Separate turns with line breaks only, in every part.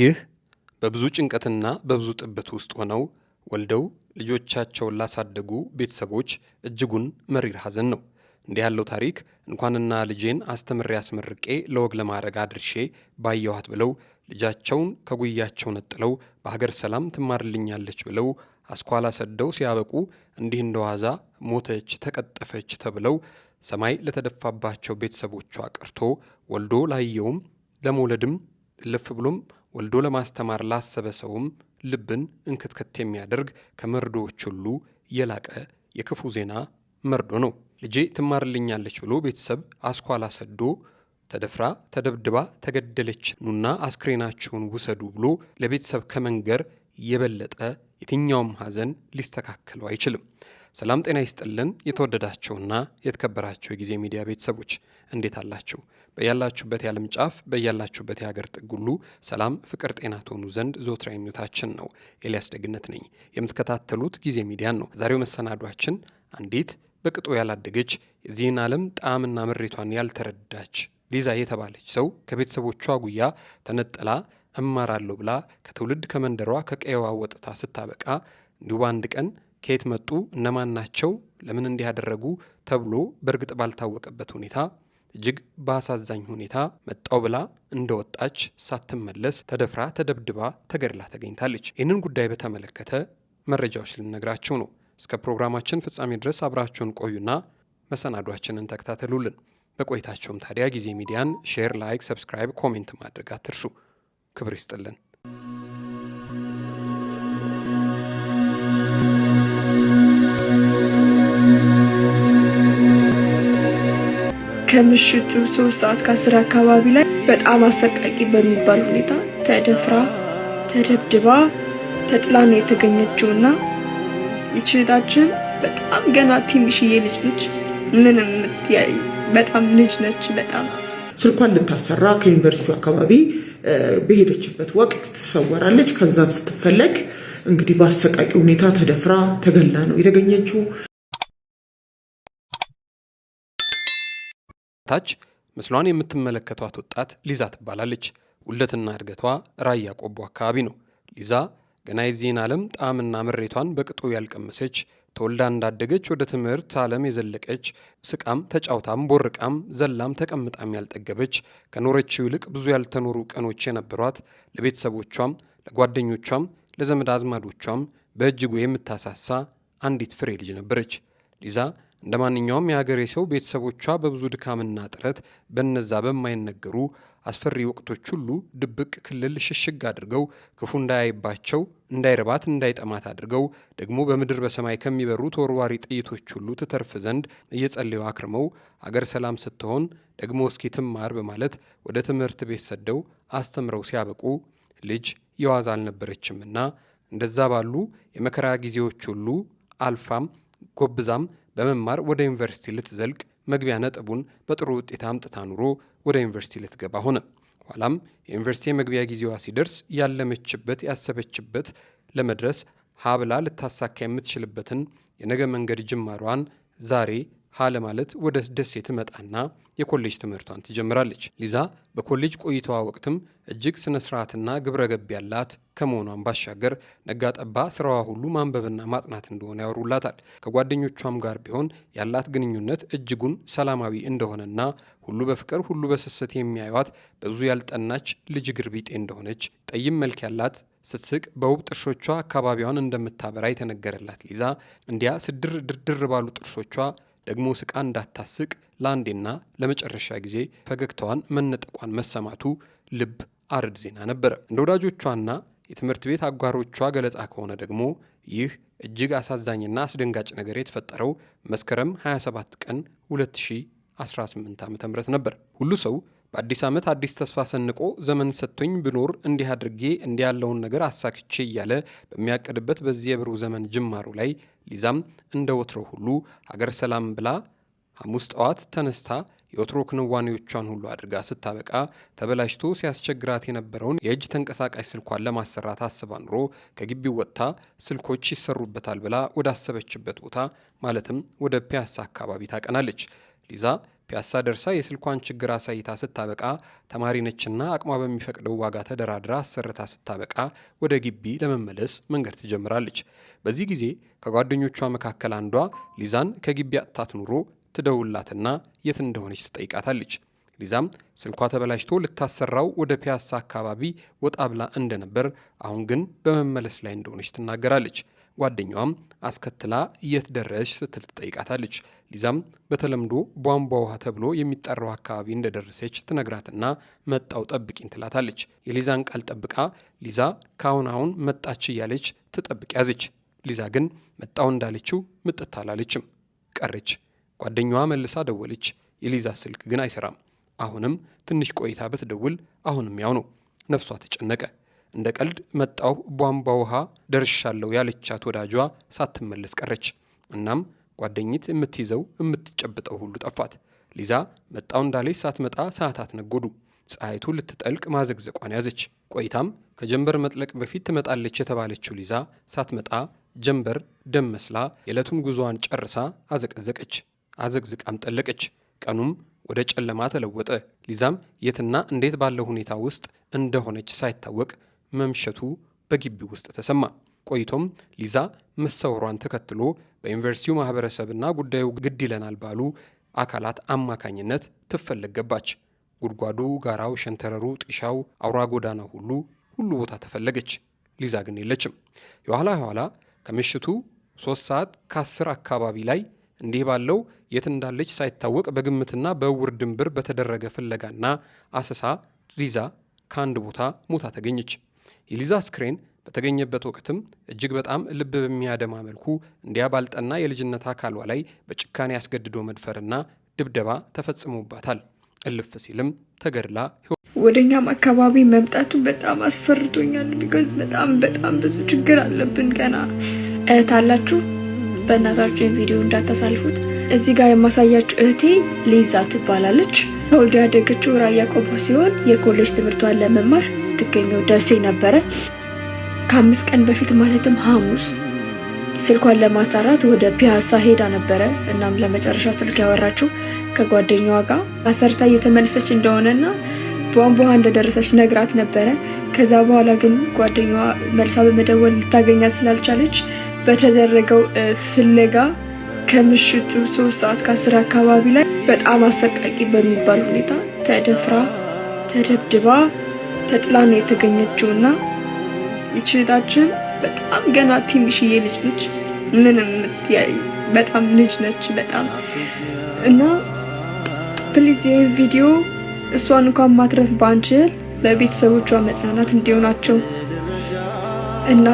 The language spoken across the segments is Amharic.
ይህ በብዙ ጭንቀትና በብዙ ጥብት ውስጥ ሆነው ወልደው ልጆቻቸውን ላሳደጉ ቤተሰቦች እጅጉን መሪር ሐዘን ነው። እንዲህ ያለው ታሪክ እንኳንና ልጄን አስተምሬ አስመርቄ ለወግ ለማዕረግ አድርሼ ባየኋት ብለው ልጃቸውን ከጉያቸው ነጥለው በሀገር ሰላም ትማርልኛለች ብለው አስኳላ ሰደው ሲያበቁ እንዲህ እንደዋዛ ሞተች፣ ተቀጠፈች ተብለው ሰማይ ለተደፋባቸው ቤተሰቦቿ ቀርቶ ወልዶ ላየውም ለመውለድም እልፍ ብሎም ወልዶ ለማስተማር ላሰበ ሰውም ልብን እንክትክት የሚያደርግ ከመርዶዎች ሁሉ የላቀ የክፉ ዜና መርዶ ነው። ልጄ ትማርልኛለች ብሎ ቤተሰብ አስኳላ ሰዶ ተደፍራ ተደብድባ ተገደለች፣ ኑና አስክሬናችሁን ውሰዱ ብሎ ለቤተሰብ ከመንገር የበለጠ የትኛውም ሐዘን ሊስተካከለው አይችልም። ሰላም ጤና ይስጥልን። የተወደዳቸውና የተከበራቸው የጊዜ ሚዲያ ቤተሰቦች እንዴት አላቸው? በያላችሁበት የዓለም ጫፍ በያላችሁበት የሀገር ጥግ ሁሉ ሰላም፣ ፍቅር፣ ጤና ትሆኑ ዘንድ ዞትራ የሚወታችን ነው። ኤልያስ ደግነት ነኝ። የምትከታተሉት ጊዜ ሚዲያን ነው። ዛሬው መሰናዷችን አንዲት በቅጡ ያላደገች የዚህን ዓለም ጣዕምና ምሬቷን ያልተረዳች ሊዛ የተባለች ሰው ከቤተሰቦቿ ጉያ ተነጥላ እማራለሁ ብላ ከትውልድ ከመንደሯ ከቀየዋ ወጥታ ስታበቃ እንዲሁ በአንድ ቀን ከየት መጡ እነማን ናቸው ለምን እንዲህ ያደረጉ ተብሎ በእርግጥ ባልታወቀበት ሁኔታ እጅግ በአሳዛኝ ሁኔታ መጣው ብላ እንደወጣች ሳትመለስ ተደፍራ ተደብድባ ተገድላ ተገኝታለች። ይህንን ጉዳይ በተመለከተ መረጃዎች ልነግራችሁ ነው። እስከ ፕሮግራማችን ፍጻሜ ድረስ አብራችሁን ቆዩና መሰናዷችንን ተከታተሉልን። በቆይታችሁም ታዲያ ጊዜ ሚዲያን ሼር፣ ላይክ፣ ሰብስክራይብ፣ ኮሜንት ማድረግ አትርሱ። ክብር ይስጥልን።
ከምሽቱ ሶስት ሰዓት ከአስር አካባቢ ላይ በጣም አሰቃቂ በሚባል ሁኔታ ተደፍራ ተደብድባ ተጥላ ነው የተገኘችው እና ይችላችን በጣም ገና ትንሽዬ ልጅ ነች። ምንም በጣም ልጅ ነች። በጣም
ስልኳን ልታሰራ ከዩኒቨርሲቲው አካባቢ በሄደችበት ወቅት ትሰወራለች። ከዛም ስትፈለግ እንግዲህ በአሰቃቂ ሁኔታ ተደፍራ ተገላ ነው የተገኘችው።
ታች ምስሏን የምትመለከቷት ወጣት ሊዛ ትባላለች። ውልደትና እድገቷ ራያ ቆቦ አካባቢ ነው። ሊዛ ገና የዚህን ዓለም ጣዕምና ምሬቷን በቅጡ ያልቀመሰች ተወልዳ እንዳደገች ወደ ትምህርት ዓለም የዘለቀች ስቃም ተጫውታም ቦርቃም ዘላም ተቀምጣም ያልጠገበች ከኖረችው ይልቅ ብዙ ያልተኖሩ ቀኖች የነበሯት ለቤተሰቦቿም ለጓደኞቿም ለዘመድ አዝማዶቿም በእጅጉ የምታሳሳ አንዲት ፍሬ ልጅ ነበረች። ሊዛ እንደ ማንኛውም የሀገሬ ሰው ቤተሰቦቿ በብዙ ድካምና ጥረት በነዛ በማይነገሩ አስፈሪ ወቅቶች ሁሉ ድብቅ ክልል ሽሽግ አድርገው ክፉ እንዳያይባቸው እንዳይረባት እንዳይጠማት አድርገው ደግሞ በምድር በሰማይ ከሚበሩ ተወርዋሪ ጥይቶች ሁሉ ትተርፍ ዘንድ እየጸለዩ አክርመው አገር ሰላም ስትሆን ደግሞ እስኪ ትማር በማለት ወደ ትምህርት ቤት ሰደው አስተምረው ሲያበቁ ልጅ የዋዛ አልነበረችምና እንደዛ ባሉ የመከራ ጊዜዎች ሁሉ አልፋም ጎብዛም በመማር ወደ ዩኒቨርሲቲ ልትዘልቅ መግቢያ ነጥቡን በጥሩ ውጤት አምጥታ ኑሮ ወደ ዩኒቨርሲቲ ልትገባ ሆነ። ኋላም የዩኒቨርሲቲ የመግቢያ ጊዜዋ ሲደርስ ያለመችበት ያሰበችበት ለመድረስ ሀብላ ልታሳካ የምትችልበትን የነገ መንገድ ጅማሯን ዛሬ ሀለ ማለት ወደ ደሴ ትመጣና የኮሌጅ ትምህርቷን ትጀምራለች። ሊዛ በኮሌጅ ቆይታዋ ወቅትም እጅግ ስነ ስርዓትና ግብረ ገብ ያላት ከመሆኗን ባሻገር ነጋጠባ ስራዋ ሁሉ ማንበብና ማጥናት እንደሆነ ያወሩላታል። ከጓደኞቿም ጋር ቢሆን ያላት ግንኙነት እጅጉን ሰላማዊ እንደሆነና ሁሉ በፍቅር ሁሉ በስስት የሚያዩት በብዙ ያልጠናች ልጅ ግር እንደሆነች ጠይም መልክ ያላት ስትስቅ በውብ ጥርሶቿ አካባቢዋን እንደምታበራ የተነገረላት ሊዛ እንዲያ ስድር ድርድር ባሉ ጥርሶቿ ደግሞ ስቃ እንዳታስቅ ለአንዴና ለመጨረሻ ጊዜ ፈገግታዋን መነጠቋን መሰማቱ ልብ አርድ ዜና ነበረ። እንደ ወዳጆቿና የትምህርት ቤት አጓሮቿ ገለጻ ከሆነ ደግሞ ይህ እጅግ አሳዛኝና አስደንጋጭ ነገር የተፈጠረው መስከረም 27 ቀን 2018 ዓ.ም ነበር። ሁሉ ሰው በአዲስ ዓመት አዲስ ተስፋ ሰንቆ ዘመን ሰጥቶኝ ብኖር እንዲህ አድርጌ እንዲህ ያለውን ነገር አሳክቼ እያለ በሚያቅድበት በዚህ የብሩህ ዘመን ጅማሩ ላይ ሊዛም እንደ ወትሮ ሁሉ ሀገር ሰላም ብላ ሐሙስ ጠዋት ተነስታ የወትሮ ክንዋኔዎቿን ሁሉ አድርጋ ስታበቃ ተበላሽቶ ሲያስቸግራት የነበረውን የእጅ ተንቀሳቃሽ ስልኳን ለማሰራት አስባ ኑሮ ከግቢው ወጥታ ስልኮች ይሰሩበታል ብላ ወዳሰበችበት ቦታ ማለትም ወደ ፒያሳ አካባቢ ታቀናለች። ሊዛ ፒያሳ ደርሳ የስልኳን ችግር አሳይታ ስታበቃ ተማሪ ነችና አቅሟ በሚፈቅደው ዋጋ ተደራድራ አሰርታ ስታበቃ ወደ ግቢ ለመመለስ መንገድ ትጀምራለች። በዚህ ጊዜ ከጓደኞቿ መካከል አንዷ ሊዛን ከግቢ አጥታት ኑሮ ትደውላትና የት እንደሆነች ትጠይቃታለች። ሊዛም ስልኳ ተበላሽቶ ልታሰራው ወደ ፒያሳ አካባቢ ወጣ ብላ እንደነበር አሁን ግን በመመለስ ላይ እንደሆነች ትናገራለች። ጓደኛዋም አስከትላ የት ደረሽ ስትል ትጠይቃታለች። ሊዛም በተለምዶ ቧንቧ ውሃ ተብሎ የሚጠራው አካባቢ እንደደረሰች ትነግራትና መጣው ጠብቂኝ ትላታለች። የሊዛን ቃል ጠብቃ ሊዛ ከአሁን አሁን መጣች እያለች ትጠብቅ ያዘች። ሊዛ ግን መጣው እንዳለችው ምጥት አላለችም ቀረች። ጓደኛዋ መልሳ ደወለች። የሊዛ ስልክ ግን አይሰራም። አሁንም ትንሽ ቆይታ ብትደውል አሁንም ያው ነው። ነፍሷ ተጨነቀ። እንደ ቀልድ መጣው ቧንቧ ውሃ ደርሻለሁ ያለቻት ወዳጇ ሳትመለስ ቀረች። እናም ጓደኝት የምትይዘው የምትጨብጠው ሁሉ ጠፋት። ሊዛ መጣው እንዳለች ሳትመጣ ሰዓታት ነጎዱ። ፀሐይቱ ልትጠልቅ ማዘግዘቋን ያዘች። ቆይታም ከጀንበር መጥለቅ በፊት ትመጣለች የተባለችው ሊዛ ሳትመጣ ጀንበር ደም መስላ የዕለቱን ጉዞዋን ጨርሳ አዘቀዘቀች፣ አዘግዝቃም ጠለቀች። ቀኑም ወደ ጨለማ ተለወጠ። ሊዛም የትና እንዴት ባለው ሁኔታ ውስጥ እንደሆነች ሳይታወቅ መምሸቱ በግቢ ውስጥ ተሰማ። ቆይቶም ሊዛ መሰወሯን ተከትሎ በዩኒቨርሲቲው ማህበረሰብና ጉዳዩ ግድ ይለናል ባሉ አካላት አማካኝነት ትፈለግ ገባች። ጉድጓዱ፣ ጋራው፣ ሸንተረሩ፣ ጥሻው፣ አውራ ጎዳና ሁሉ ሁሉ ቦታ ተፈለገች። ሊዛ ግን የለችም። የኋላ የኋላ ከምሽቱ ሶስት ሰዓት ከአስር አካባቢ ላይ እንዲህ ባለው የት እንዳለች ሳይታወቅ በግምትና በእውር ድንብር በተደረገ ፍለጋና አሰሳ ሊዛ ከአንድ ቦታ ሞታ ተገኘች። የሊዛ አስክሬን በተገኘበት ወቅትም እጅግ በጣም ልብ በሚያደማ መልኩ እንዲያ ባልጠና የልጅነት አካሏ ላይ በጭካኔ ያስገድዶ መድፈርና ድብደባ ተፈጽሞባታል። እልፍ ሲልም ተገድላ
ወደኛም አካባቢ መምጣቱ በጣም አስፈርቶኛል። ቢኮዝ በጣም በጣም ብዙ ችግር አለብን። ገና እህት አላችሁ፣ በእናታችሁ ቪዲዮ እንዳታሳልፉት። እዚህ ጋር የማሳያችሁ እህቴ ሊዛ ትባላለች። ተወልዳ ያደገችው ራያ ቆቦ ሲሆን የኮሌጅ ትምህርቷን ለመማር የምትገኘው ደሴ ነበረ። ከአምስት ቀን በፊት ማለትም ሐሙስ ስልኳን ለማሰራት ወደ ፒያሳ ሄዳ ነበረ። እናም ለመጨረሻ ስልክ ያወራችው ከጓደኛዋ ጋር አሰርታ እየተመለሰች እንደሆነና ቧንቧ እንደደረሰች ነግራት ነበረ። ከዛ በኋላ ግን ጓደኛዋ መልሳ በመደወል ልታገኛት ስላልቻለች በተደረገው ፍለጋ ከምሽቱ ሶስት ሰዓት ከአስር አካባቢ ላይ በጣም አሰቃቂ በሚባል ሁኔታ ተደፍራ ተደብድባ ተጥላ ነው የተገኘችውና ይች በጣም ገና ትንሽዬ ልጅ ነች። ምንም በጣም ልጅ ነች በጣም እና ፕሊዝ ይህ ቪዲዮ እሷን እንኳን ማትረፍ ባንችል ለቤተሰቦቿ መጽናናት እንዲሆናቸው እና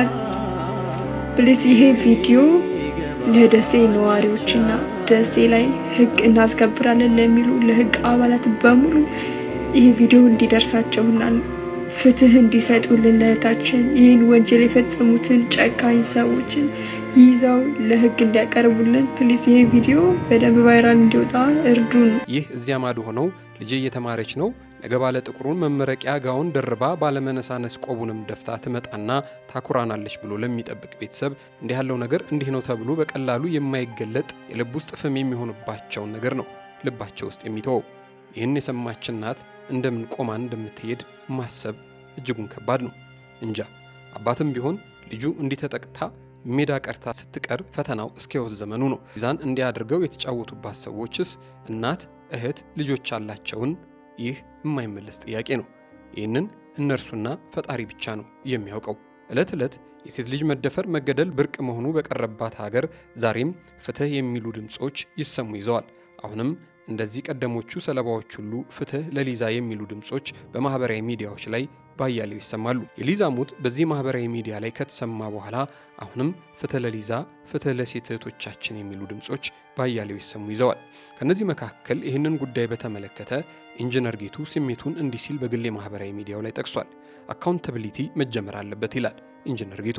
ፕሊዝ ይሄ ቪዲዮ ለደሴ ነዋሪዎችና ደሴ ላይ ሕግ እናስከብራለን ለሚሉ ለሕግ አባላት በሙሉ ይሄ ቪዲዮ እንዲደርሳቸውና ፍትህ እንዲሰጡልን ለእህታችን ይህን ወንጀል የፈጸሙትን ጨካኝ ሰዎችን ይዘው ለህግ እንዲያቀርቡልን ፕሊስ። ይህ ቪዲዮ በደንብ ቫይራል እንዲወጣ እርዱን።
ይህ እዚያ ማዶ ሆነው ልጄ እየተማረች ነው ነገ ባለ ጥቁሩን መመረቂያ ጋውን ደርባ ባለመነሳነስ ቆቡንም ደፍታ ትመጣና ታኩራናለች ብሎ ለሚጠብቅ ቤተሰብ እንዲህ ያለው ነገር እንዲህ ነው ተብሎ በቀላሉ የማይገለጥ የልብ ውስጥ ፍም የሚሆንባቸውን ነገር ነው ልባቸው ውስጥ የሚተወው። ይህን የሰማች እናት እንደምን ቆማ እንደምትሄድ ማሰብ እጅጉን ከባድ ነው። እንጃ አባትም ቢሆን ልጁ እንዲተጠቅታ ሜዳ ቀርታ ስትቀር ፈተናው እስከ ዘመኑ ነው። ሚዛን እንዲያደርገው የተጫወቱባት ሰዎችስ እናት፣ እህት፣ ልጆች አላቸውን? ይህ የማይመለስ ጥያቄ ነው። ይህንን እነርሱና ፈጣሪ ብቻ ነው የሚያውቀው። ዕለት ዕለት የሴት ልጅ መደፈር፣ መገደል ብርቅ መሆኑ በቀረባት ሀገር ዛሬም ፍትህ የሚሉ ድምፆች ይሰሙ ይዘዋል። አሁንም እንደዚህ ቀደሞቹ ሰለባዎች ሁሉ ፍትህ ለሊዛ የሚሉ ድምጾች በማህበራዊ ሚዲያዎች ላይ ባያሌው ይሰማሉ። የሊዛ ሞት በዚህ ማህበራዊ ሚዲያ ላይ ከተሰማ በኋላ አሁንም ፍትህ ለሊዛ፣ ፍትህ ለሴት እህቶቻችን የሚሉ ድምጾች ባያሌው ይሰሙ ይዘዋል። ከእነዚህ መካከል ይህንን ጉዳይ በተመለከተ ኢንጂነር ጌቱ ስሜቱን እንዲህ ሲል በግሌ ማህበራዊ ሚዲያው ላይ ጠቅሷል። አካውንታብሊቲ መጀመር አለበት ይላል። ኢንጂነር ጌቱ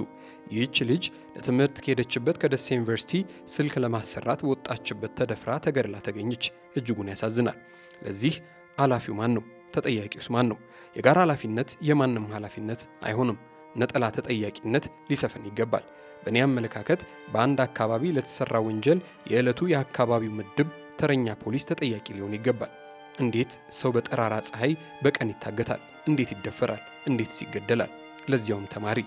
ይህች ልጅ ለትምህርት ከሄደችበት ከደሴ ዩኒቨርሲቲ ስልክ ለማሰራት ወጣችበት ተደፍራ ተገድላ ተገኘች። እጅጉን ያሳዝናል። ለዚህ ኃላፊው ማን ነው? ተጠያቂውስ ማን ነው? የጋራ ኃላፊነት የማንም ኃላፊነት አይሆንም። ነጠላ ተጠያቂነት ሊሰፍን ይገባል። በእኔ አመለካከት በአንድ አካባቢ ለተሰራ ወንጀል የዕለቱ የአካባቢው ምድብ ተረኛ ፖሊስ ተጠያቂ ሊሆን ይገባል። እንዴት ሰው በጠራራ ፀሐይ በቀን ይታገታል? እንዴት ይደፈራል? እንዴትስ ይገደላል? ለዚያውም ተማሪ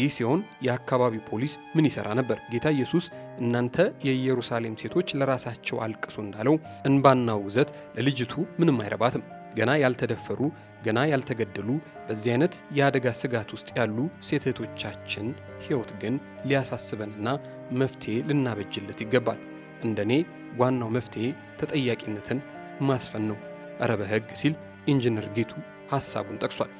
ይህ ሲሆን የአካባቢው ፖሊስ ምን ይሰራ ነበር? ጌታ ኢየሱስ እናንተ የኢየሩሳሌም ሴቶች ለራሳቸው አልቅሱ እንዳለው እንባና ውግዘት ለልጅቱ ምንም አይረባትም። ገና ያልተደፈሩ ገና ያልተገደሉ በዚህ አይነት የአደጋ ስጋት ውስጥ ያሉ ሴቶቻችን ሕይወት ግን ሊያሳስበንና መፍትሄ ልናበጅለት ይገባል። እንደኔ ዋናው መፍትሄ ተጠያቂነትን ማስፈን ነው። እረ በሕግ ሲል ኢንጂነር ጌቱ ሐሳቡን ጠቅሷል።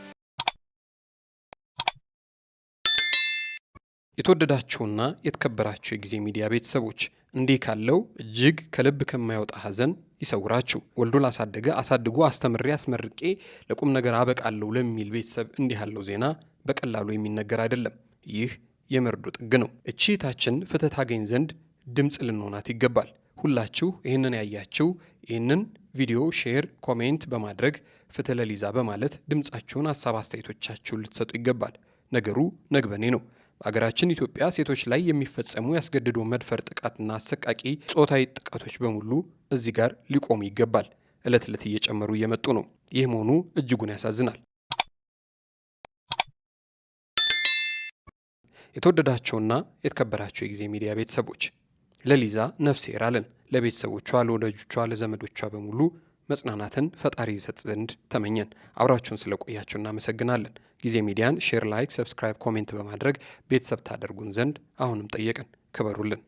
የተወደዳችሁና የተከበራችሁ የጊዜ ሚዲያ ቤተሰቦች እንዲህ ካለው እጅግ ከልብ ከማይወጣ ሐዘን ይሰውራችሁ። ወልዶ ላሳደገ አሳድጎ አስተምሬ አስመርቄ ለቁም ነገር አበቃለሁ ለሚል ቤተሰብ እንዲህ ያለው ዜና በቀላሉ የሚነገር አይደለም። ይህ የመርዶ ጥግ ነው። እቺ እህታችን ፍትህ ታገኝ ዘንድ ድምፅ ልንሆናት ይገባል። ሁላችሁ ይህንን ያያችሁ ይህንን ቪዲዮ ሼር፣ ኮሜንት በማድረግ ፍትህ ለሊዛ በማለት ድምፃችሁን፣ ሀሳብ አስተያየቶቻችሁን ልትሰጡ ይገባል። ነገሩ ነግበኔ ነው። አገራችን ኢትዮጵያ ሴቶች ላይ የሚፈጸሙ ያስገድዶ መድፈር ጥቃትና አሰቃቂ ጾታዊ ጥቃቶች በሙሉ እዚህ ጋር ሊቆሙ ይገባል። ዕለት ዕለት እየጨመሩ እየመጡ ነው። ይህ መሆኑ እጅጉን ያሳዝናል። የተወደዳቸውና የተከበራቸው የጊዜ ሚዲያ ቤተሰቦች ለሊዛ ነፍሴ ራለን ለቤተሰቦቿ፣ ለወዳጆቿ፣ ለዘመዶቿ በሙሉ መጽናናትን ፈጣሪ ይሰጥ ዘንድ ተመኘን። አብራችሁን ስለቆያችሁ እናመሰግናለን። ጊዜ ሚዲያን ሼር፣ ላይክ፣ ሰብስክራይብ፣ ኮሜንት በማድረግ ቤተሰብ ታደርጉን ዘንድ አሁንም ጠየቅን። ክበሩልን።